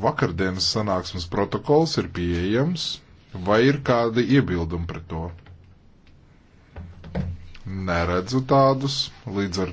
Vakardienas sanāksmes protokols ir pieejams, vai ir kādi iebildumi pret to? Neredzu tādus, līdz ar